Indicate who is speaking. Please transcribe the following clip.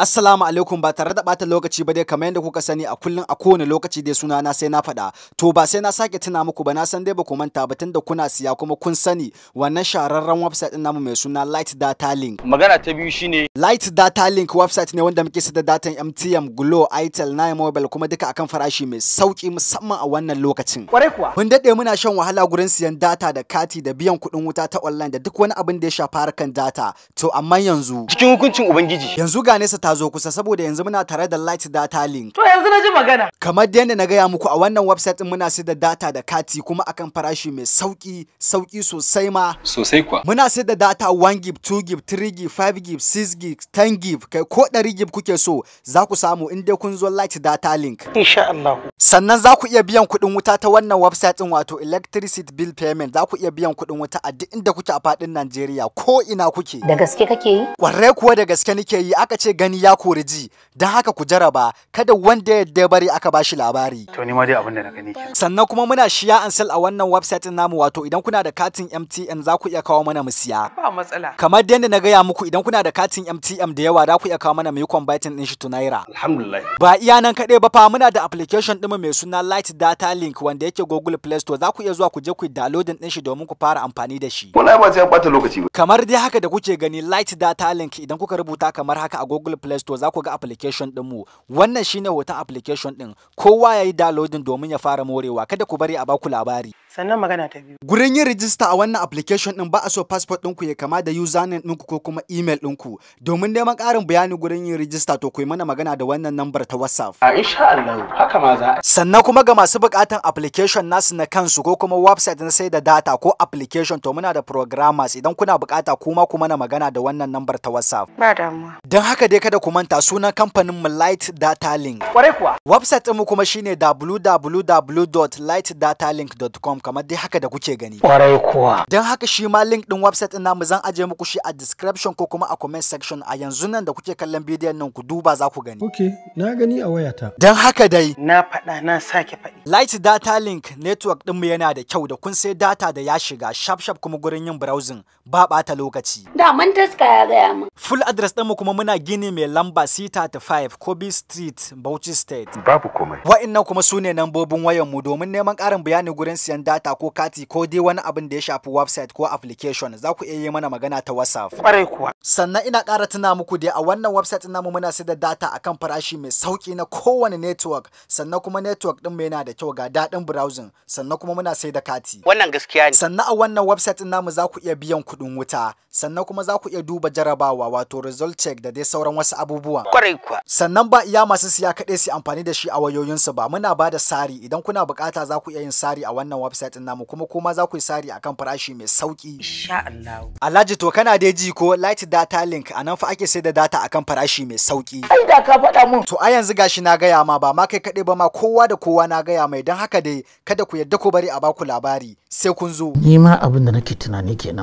Speaker 1: Assalamu alaikum ba tare da bata lokaci ba dai kamar yadda kuka sani a kullun a kowane lokaci dai suna na sai na fada to ba sai na sake tuna muku ba na san dai ba ku manta ba tunda kuna siya kuma kun sani wannan shahararren website din namu mai suna Light Data Link magana ta biyu shine Light Data Link website ne wanda muke sada datan MTM Glo Itel Nine Mobile kuma duka akan farashi mai sauki musamman a wannan lokacin kwarai kuwa mun dade muna shan wahala gurin siyan data da kati da biyan kuɗin wuta ta online da duk wani abin da ya shafa harkan data to amma yanzu cikin hukuncin ubangiji yanzu ga nesa ta zo kusa saboda yanzu muna tare da light data link. To yanzu na ji magana. Kamar da yadda na gaya muku a wannan website din muna sai da data da kati kuma akan farashi mai sauki sauki sosai ma. Sosai kuwa. Muna sai da data 1 gig, 2 gig, 3 gig, 5 gig, 6 gig, 10 gig, kai ko 100 gig kuke so za ku samu in dai kun zo light data link. Insha Allah. Sannan za ku iya biyan kuɗin wuta ta wannan website din wato electricity bill payment za ku iya biyan kuɗin wuta a duk inda kuke a faɗin Najeriya ko ina kuke. Da gaske kake yi? Kwarai kuwa da gaske nake yi aka ce gani ya kori ji don haka ku jaraba kada wanda yadda bari aka bashi labari to ni ma dai abin da na gani sannan kuma muna shiya an sell a wannan website din namu wato idan kuna da katin MTN za ku iya kawo mana mu siya ba matsala kamar yadda na gaya muku idan kuna da katin MTN da yawa za ku iya kawo mana mu yi converting din shi to naira alhamdulillah ba iya nan kaɗai ba fa muna da application ɗinmu mai suna Light Data Link wanda yake Google Play Store za ku iya zuwa ku je ku downloading din shi domin ku fara amfani da shi wallahi ba sai an bata lokaci ba kamar dai haka da kuke gani Light Data Link idan kuka rubuta kamar haka a Google Play Store za ku ga application mu Wannan shine hoton application ɗin. Kowa ya yi downloading domin ya fara morewa. Kada ku bari a baku labari. sannan magana ta biyu gurin yin rijista a wannan application din ba a so passport ɗinku ya kama da username ɗinku ko kuma email ɗinku domin neman ƙarin bayani gurin yin rijista to ku yi mana magana da wannan number ta whatsapp a insha Allah haka ma za a sannan kuma ga masu buƙatan application nasu na kansu ko kuma website na sai da data ko application to muna da programmers idan kuna buƙata kuma kuma na magana da wannan number ta whatsapp ba damuwa don haka dai kada ku manta sunan kamfanin mu light data link kwarai kuwa website ɗinmu kuma shine www.lightdatalink.com kamar dai haka da kuke gani. Kwarai kuwa. Don haka shi ma link din website din namu zan aje muku shi a description ko kuma a comment section a yanzu nan da kuke kallon bidiyon nan ku duba za ku gani. Okay, na gani a wayata. Don haka dai. Na faɗa na sake faɗi. Light data link network ɗinmu yana da kyau da kun sai data da ya shiga shap shap kuma gurin yin browsing ba ɓata lokaci. Da mun taska ya gaya min. Full address ɗinmu kuma muna gini mai lamba C35 Kobe Street Bauchi State. Babu komai. Wa'innan kuma su ne nambobin wayanmu domin neman ƙarin bayani gurin siyan data ko kati ko dai wani abin da ya shafi website ko application za ku iya yi mana magana ta WhatsApp. Kwarai kuwa. Sannan ina ƙara tuna muku dai a wannan website namu muna sai da data akan farashi mai sauki na kowane network sannan kuma network ɗin mu yana da kyau ga daɗin browsing sannan kuma muna sai da kati. Wannan gaskiya ne. Sannan a wannan website namu za ku iya biyan kuɗin wuta sannan kuma za ku iya duba jarabawa wato result check da dai sauran wasu abubuwan Kwarai kuwa. Sannan ba iya masu siya kaɗai su amfani da shi a wayoyinsu ba muna ba da sari idan kuna buƙata za ku iya yin sari a wannan website. website din namu kuma kuma za ku yi sari akan farashi mai sauki insha Allah Alhaji to kana da ji ko light data link anan fa ake sai da data akan farashi mai sauki ai da ka faɗa mun to a yanzu gashi na gaya ma ba ma kai kaɗai ba ma kowa da kowa na gaya mai don haka dai kada ku yadda ku bari a baku labari sai kun zo ni ma abin da nake tunani kenan